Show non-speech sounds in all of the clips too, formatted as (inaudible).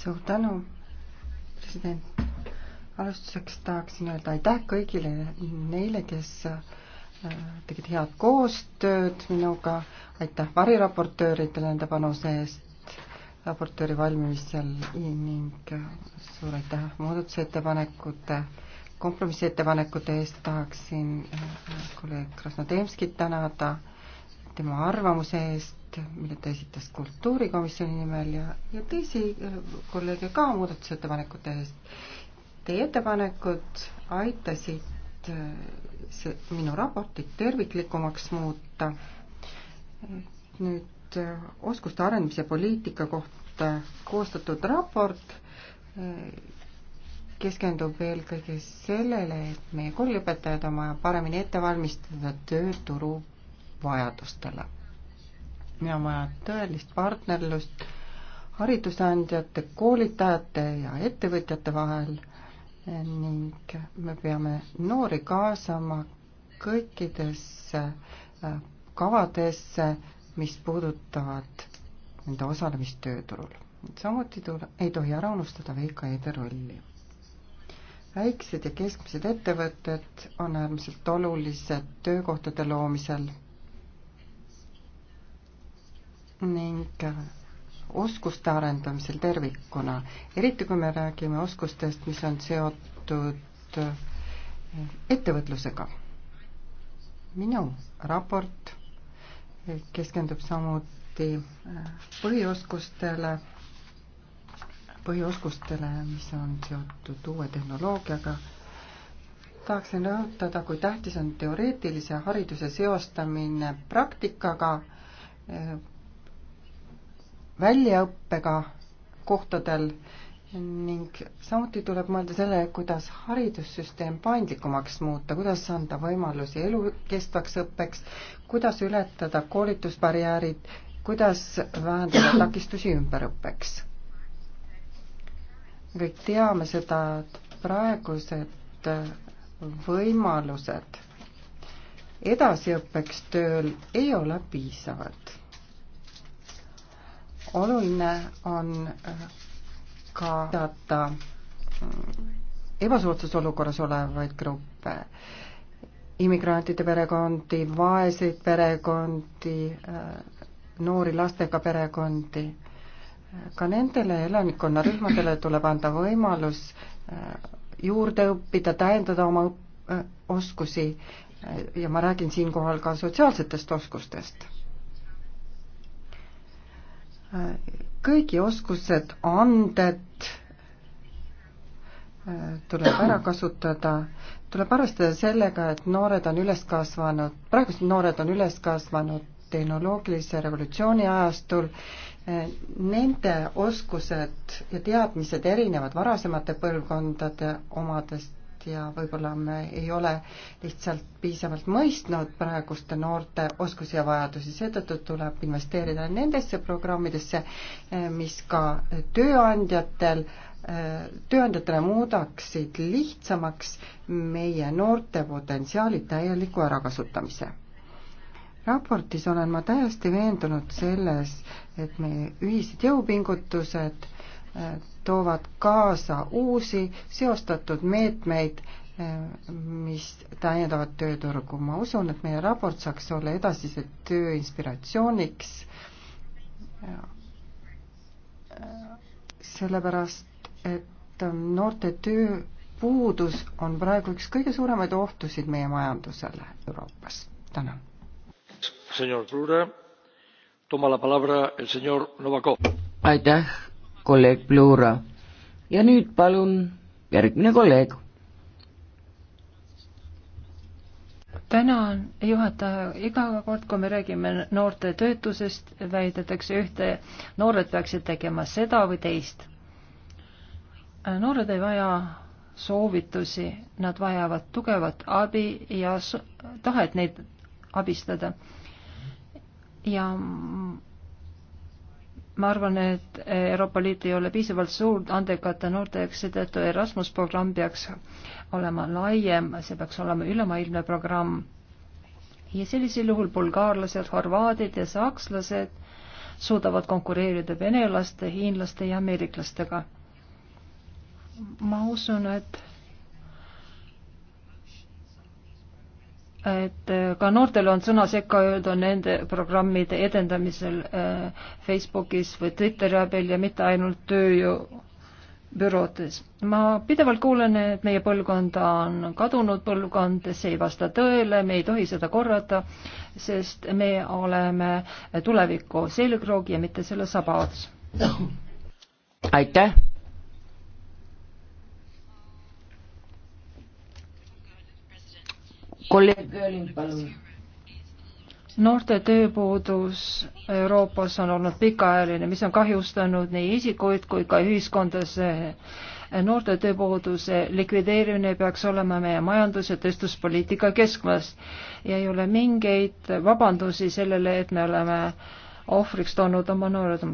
suur tänu, president. alustuseks tahaksin öelda aitäh kõigile neile, kes äh, tegid head koostööd minuga, aitäh variraportööridele nende panuse eest raportööri valmimisel ning äh, suur aitäh muudatusettepanekute, kompromissettepanekute eest tahaksin äh, kolleeg Krasnodemskit tänada tema arvamuse eest, mille ta esitas kultuurikomisjoni nimel ja, ja teisi kolleege ka muudatusettepanekute eest. Teie ettepanekud aitasid äh, see, minu raportit terviklikumaks muuta. nüüd äh, oskuste arendamise poliitika kohta koostatud raport äh, keskendub eelkõige sellele, et meie kooliõpetajad on vaja paremini ette valmistada tööturu vajadustele. ja on vaja tõelist partnerlust haridusandjate, koolitajate ja ettevõtjate vahel ning me peame noori kaasama kõikidesse äh, kavadesse, mis puudutavad nende osalemist tööturul. samuti tule, ei tohi ära unustada VKE-de rolli. väiksed ja keskmised ettevõtted on äärmiselt olulised töökohtade loomisel ning oskuste arendamisel tervikuna, eriti kui me räägime oskustest, mis on seotud ettevõtlusega. minu raport keskendub samuti põhioskustele, põhioskustele, mis on seotud uue tehnoloogiaga tahaksin rõhutada, kui tähtis on teoreetilise hariduse seostamine praktikaga, väljaõppega kohtadel ning samuti tuleb mõelda sellele, kuidas haridussüsteem paindlikumaks muuta, kuidas anda võimalusi elukestvaks õppeks, kuidas ületada koolitusbarjäärid, kuidas vähendada (clears throat) takistusi ümberõppeks. me kõik teame seda, et praegused võimalused edasiõppeks tööl ei ole piisavad oluline on äh, ka teada äh, ebasoodsas olukorras olevaid gruppe, immigrantide perekondi, vaeseid perekondi, äh, noori lastega perekondi. ka nendele elanikkonnarühmadele tuleb anda võimalus juurde õppida, täiendada oma oskusi ja ma räägin siinkohal ka sotsiaalsetest oskustest kõigi oskused, anded äh, tuleb ära kasutada, tuleb arvestada sellega, et noored on üles kasvanud, praegused noored on üles kasvanud tehnoloogilise revolutsiooni ajastul, äh, nende oskused ja teadmised erinevad varasemate põlvkondade omadest ja võib-olla me ei ole lihtsalt piisavalt mõistnud praeguste noorte oskusi ja vajadusi, seetõttu tuleb investeerida nendesse programmidesse, eh, mis ka tööandjatel, eh, tööandjatele muudaksid lihtsamaks meie noorte potentsiaali täieliku ärakasutamise raportis olen ma täiesti veendunud selles, et meie ühised jõupingutused eh, toovad kaasa uusi seostatud meetmeid, eh, mis täiendavad tööturgu. ma usun, et meie raport saaks olla edasise töö inspiratsiooniks, sellepärast et noorte tööpuudus on praegu üks kõige suuremaid ohtusid meie majandusele Euroopas. tänan. aitäh kolleeg Plura. ja nüüd palun järgmine kolleeg. tänan, juhataja, iga kord, kui me räägime noorte töötusest, väidetakse ühte, noored peaksid tegema seda või teist. noored ei vaja soovitusi, nad vajavad tugevat abi ja tahet neid abistada. ja ma arvan, et Euroopa Liit ei ole piisavalt suur andekate noorteks, seetõttu Erasmus programm peaks olema laiem, see peaks olema ülemaailmne programm. ja sellisel juhul bulgaarlased, horvaadid ja sakslased suudavad konkureerida venelaste, hiinlaste ja ameeriklastega. ma usun, et et äh, ka noortel on sõna sekka öelda nende programmide edendamisel äh, Facebookis või Twitteri abil ja mitte ainult tööjõubüroodes. ma pidevalt kuulen, et meie põlvkond on kadunud põlvkond, see ei vasta tõele, me ei tohi seda korrata, sest me oleme tuleviku selgroog ja mitte selle sabaots. aitäh! kolleeg Göring, palun. noorte tööpuudus Euroopas on olnud pikaajaline, mis on kahjustanud nii isikuid kui ka ühiskondas noorte tööpuuduse likvideerimine peaks olema meie majandus- ja tööstuspoliitika keskmes ja ei ole mingeid vabandusi sellele, et me oleme ohvriks toonud oma noored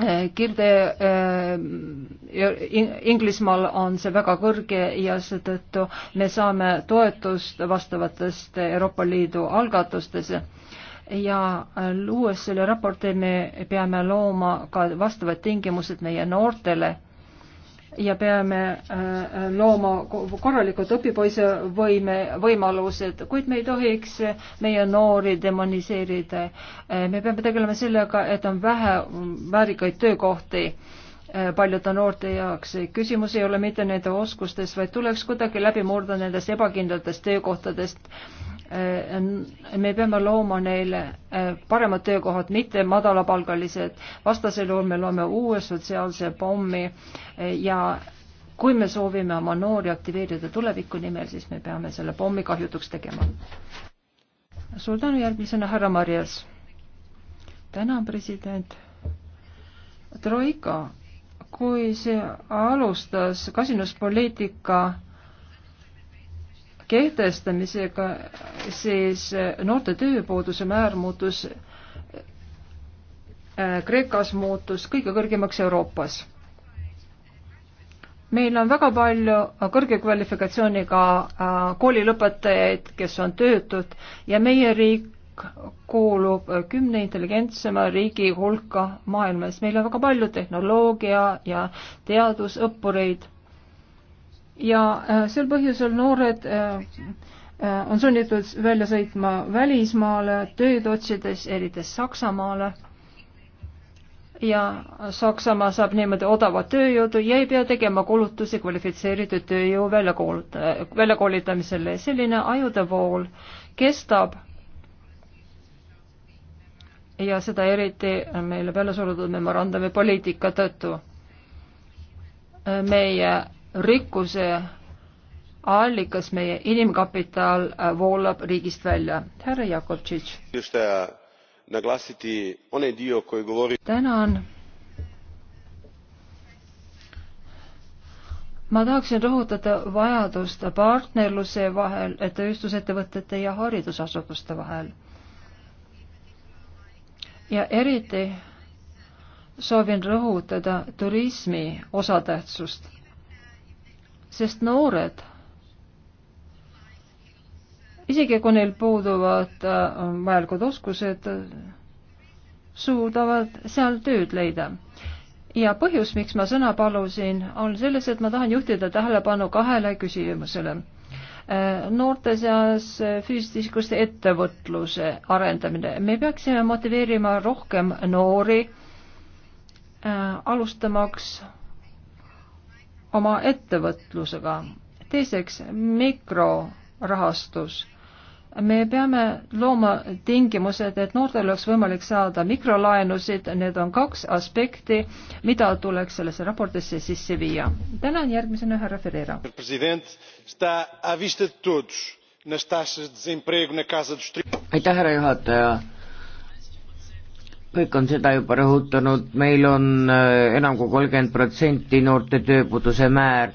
Äh, kirde äh, Inglismaal on see väga kõrge ja seetõttu me saame toetust vastavatest Euroopa Liidu algatustes ja luues selle raporti me peame looma ka vastavad tingimused meie noortele ja peame äh, äh, looma korralikud õpipoise võime, võimalused, kuid me ei tohiks meie noori demoniseerida. Äh, me peame tegelema sellega, et on vähe väärikaid töökohti paljude noorte jaoks. küsimus ei ole mitte nende oskustes, vaid tuleks kuidagi läbi murda nendest ebakindlatest töökohtadest Äh, me peame looma neile äh, paremad töökohad, mitte madalapalgalised, vastasel juhul me loome uue sotsiaalse pommi äh, ja kui me soovime oma noori aktiveerida tuleviku nimel, siis me peame selle pommi kahjutuks tegema. suur tänu, järgmisena härra Marjas. tänan, president. Troika, kui see alustas kasinuspoliitika kehtestamisega, siis noorte tööpuuduse määr muutus äh, Kreekas muutus kõige kõrgemaks Euroopas. meil on väga palju kõrge kvalifikatsiooniga äh, koolilõpetajaid, kes on töötud ja meie riik kuulub kümne intelligentsema riigi hulka maailmas. meil on väga palju tehnoloogia ja teadusõppureid ja äh, sel põhjusel noored äh, äh, on sunnitud välja sõitma välismaale tööd otsides, eriti Saksamaale. ja Saksamaa saab niimoodi odavat tööjõudu ja ei pea tegema kulutusi kvalifitseeritud tööjõu väljakoolit-, väljakoolitamisele. selline ajude vool kestab ja seda eriti meile peale surutud memorandumi poliitika tõttu. meie rikkuse allikas, meie inimkapital äh, voolab riigist välja. härra Jakovtšitš. Äh, tänan. ma tahaksin rõhutada vajadust partnerluse vahel, tööstusettevõtete ja haridusasutuste vahel. ja eriti soovin rõhutada turismi osatähtsust sest noored, isegi kui neil puuduvad äh, vajalikud oskused, suudavad seal tööd leida. ja põhjus, miks ma sõna palusin, on selles, et ma tahan juhtida tähelepanu kahele küsimusele. Äh, noorte seas äh, füüsiliste isikute ettevõtluse arendamine. me peaksime motiveerima rohkem noori alustamaks oma ettevõtlusega. teiseks, mikrorahastus. me peame looma tingimused, et noortel oleks võimalik saada mikrolaenusid, need on kaks aspekti, mida tuleks sellesse raportisse sisse viia. tänan järgmisena härra Ferreira. aitäh, härra juhataja kõik on seda juba rõhutanud, meil on äh, enam kui kolmkümmend protsenti noorte tööpuuduse määr,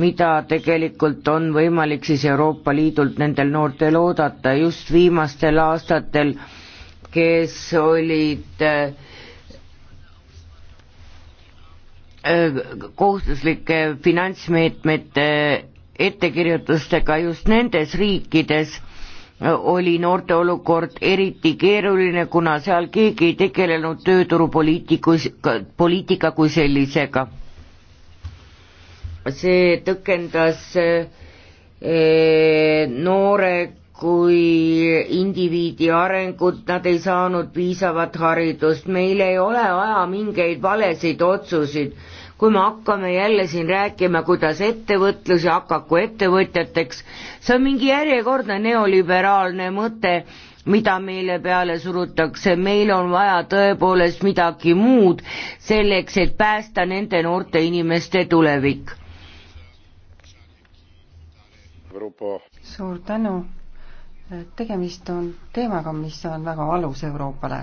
mida tegelikult on võimalik siis Euroopa Liidult nendel noortel oodata, just viimastel aastatel, kes olid äh, äh, kohustuslike finantsmeetmete ettekirjutustega just nendes riikides, oli noorte olukord eriti keeruline, kuna seal keegi ei tegelenud tööturupoliitikus, poliitika kui sellisega. see tõkendas eh, noore kui indiviidi arengut, nad ei saanud piisavat haridust, meil ei ole vaja mingeid valesid otsuseid, kui me hakkame jälle siin rääkima, kuidas ettevõtlus ja hakaku ettevõtjateks, see on mingi järjekordne neoliberaalne mõte, mida meile peale surutakse, meil on vaja tõepoolest midagi muud selleks, et päästa nende noorte inimeste tulevik. suur tänu, tegemist on teemaga, mis on väga valus Euroopale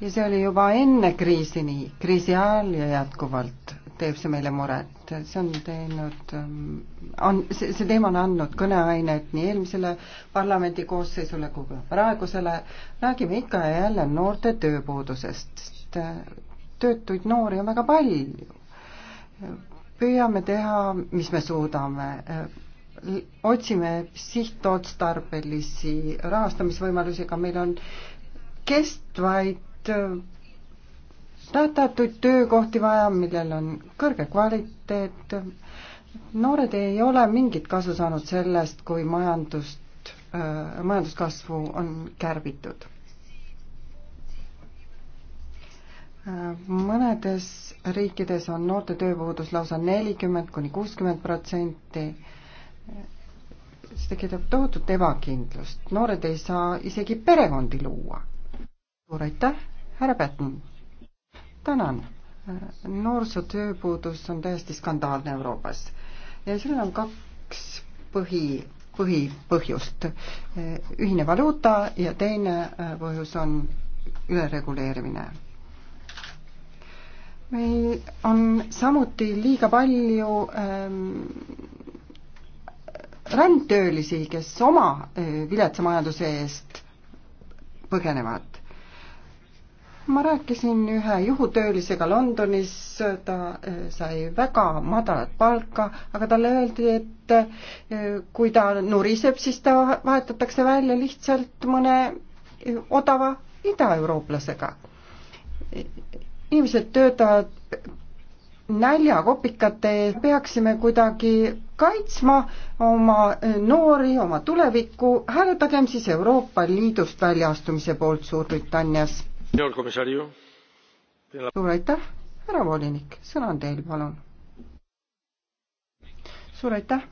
ja see oli juba enne kriisi nii, kriisi ajal ja jätkuvalt teeb see meile muret, see on teinud, ähm, on, see, see teema on andnud kõneainet nii eelmisele parlamendi koosseisule kui ka praegusele, räägime ikka ja jälle noorte tööpuudusest, sest äh, töötuid noori on väga palju. püüame teha, mis me suudame, äh, otsime sihtotstarbelisi rahastamisvõimalusi, aga meil on kestvaid äh, tähtajatuid töökohti vaja, millel on kõrge kvaliteet. noored ei ole mingit kasu saanud sellest, kui majandust, äh, majanduskasvu on kärbitud. Äh, mõnedes riikides on noorte tööpuudus lausa nelikümmend kuni kuuskümmend protsenti see tekitab tohutut ebakindlust, noored ei saa isegi perekondi luua. suur aitäh, härra Pätn! tänan. noorsootööpuudus on täiesti skandaalne Euroopas ja sellel on kaks põhi, põhipõhjust. ühine valuuta ja teine põhjus on ülereguleerimine. meil on samuti liiga palju ähm, rändtöölisi, kes oma äh, viletsa majanduse eest põgenevad ma rääkisin ühe juhutöölisega Londonis, ta eh, sai väga madalat palka, aga talle öeldi, et eh, kui ta nuriseb, siis ta vahetatakse välja lihtsalt mõne eh, odava idaeurooplasega. inimesed töötavad näljakopikate peaksime kuidagi kaitsma oma noori, oma tulevikku, hääletagem siis Euroopa Liidust väljaastumise poolt Suurbritannias suur aitäh, härra volinik, sõna on teil, palun. suur aitäh.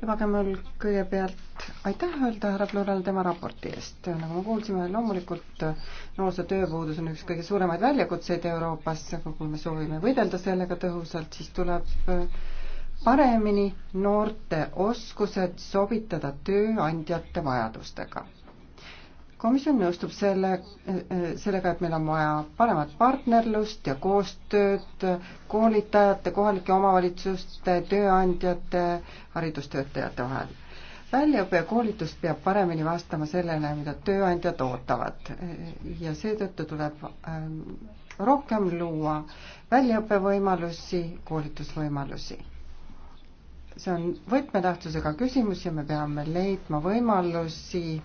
lubage mul kõigepealt aitäh öelda härra Plurale tema raporti eest. nagu me kuulsime, loomulikult noorsootööpuudus on üks kõige suuremaid väljakutseid Euroopas, aga kui me soovime võidelda sellega tõhusalt, siis tuleb paremini noorte oskused sobitada tööandjate vajadustega komisjon nõustub selle, sellega, et meil on vaja paremat partnerlust ja koostööd koolitajate, kohalike omavalitsuste, tööandjate, haridustöötajate vahel. väljaõpe ja koolitus peab paremini vastama sellele, mida tööandjad ootavad ja seetõttu tuleb ähm, rohkem luua väljaõppevõimalusi, koolitusvõimalusi see on võtmetähtsusega küsimus ja me peame leidma võimalusi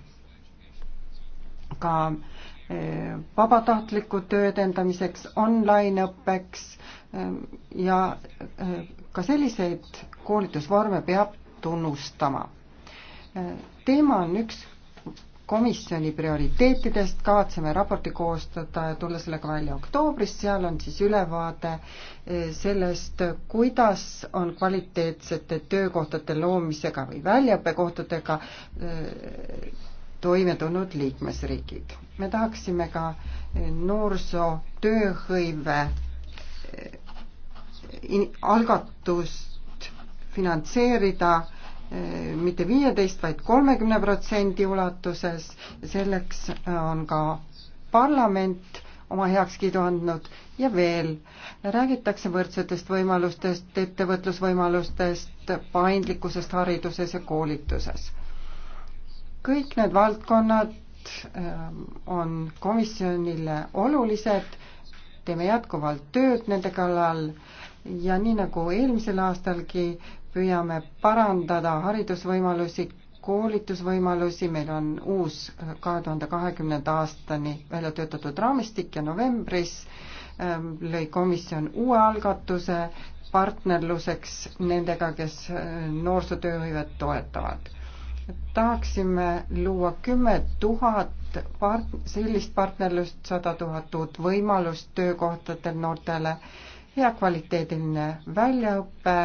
ka e, vabatahtliku töö edendamiseks, online-õppeks e, ja e, ka selliseid koolitusvorme peab tunnustama. teema on üks komisjoni prioriteetidest, kavatseme raporti koostada ja tulla sellega välja oktoobris, seal on siis ülevaade sellest, kuidas on kvaliteetsete töökohtade loomisega või väljaõppekohtadega toime tulnud liikmesriigid. me tahaksime ka noorsoo tööhõive eh, algatust finantseerida eh, mitte viieteist, vaid kolmekümne protsendi ulatuses, selleks on ka parlament oma heakskiidu andnud ja veel räägitakse võrdsetest võimalustest, ettevõtlusvõimalustest, paindlikkusest hariduses ja koolituses kõik need valdkonnad ähm, on komisjonile olulised, teeme jätkuvalt tööd nende kallal ja nii nagu eelmisel aastalgi, püüame parandada haridusvõimalusi, koolitusvõimalusi, meil on uus äh, kahe tuhande kahekümnenda aastani välja töötatud raamistik ja novembris ähm, lõi komisjon uue algatuse partnerluseks nendega, kes äh, noorsootööhõivet toetavad tahaksime luua kümme tuhat part-, sellist partnerlust, sada tuhat uut võimalust töökohtadel noortele, hea kvaliteediline väljaõpe,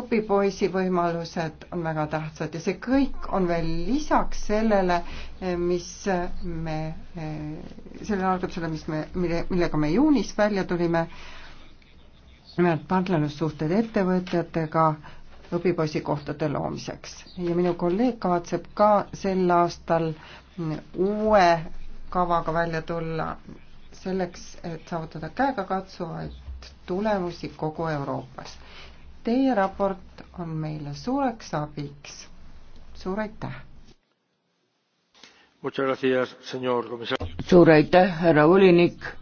õpipoisi võimalused on väga tähtsad ja see kõik on veel lisaks sellele, mis me, sellele algatusele, mis me, mille, millega me juunis välja tulime, nimelt partnerlussuhted ettevõtjatega, õpipoisikohtade loomiseks. ja minu kolleeg kavatseb ka sel aastal uue kavaga välja tulla selleks, et saavutada käegakatsuvaid tulemusi kogu Euroopas. Teie raport on meile suureks abiks. suur aitäh! suur aitäh, härra volinik!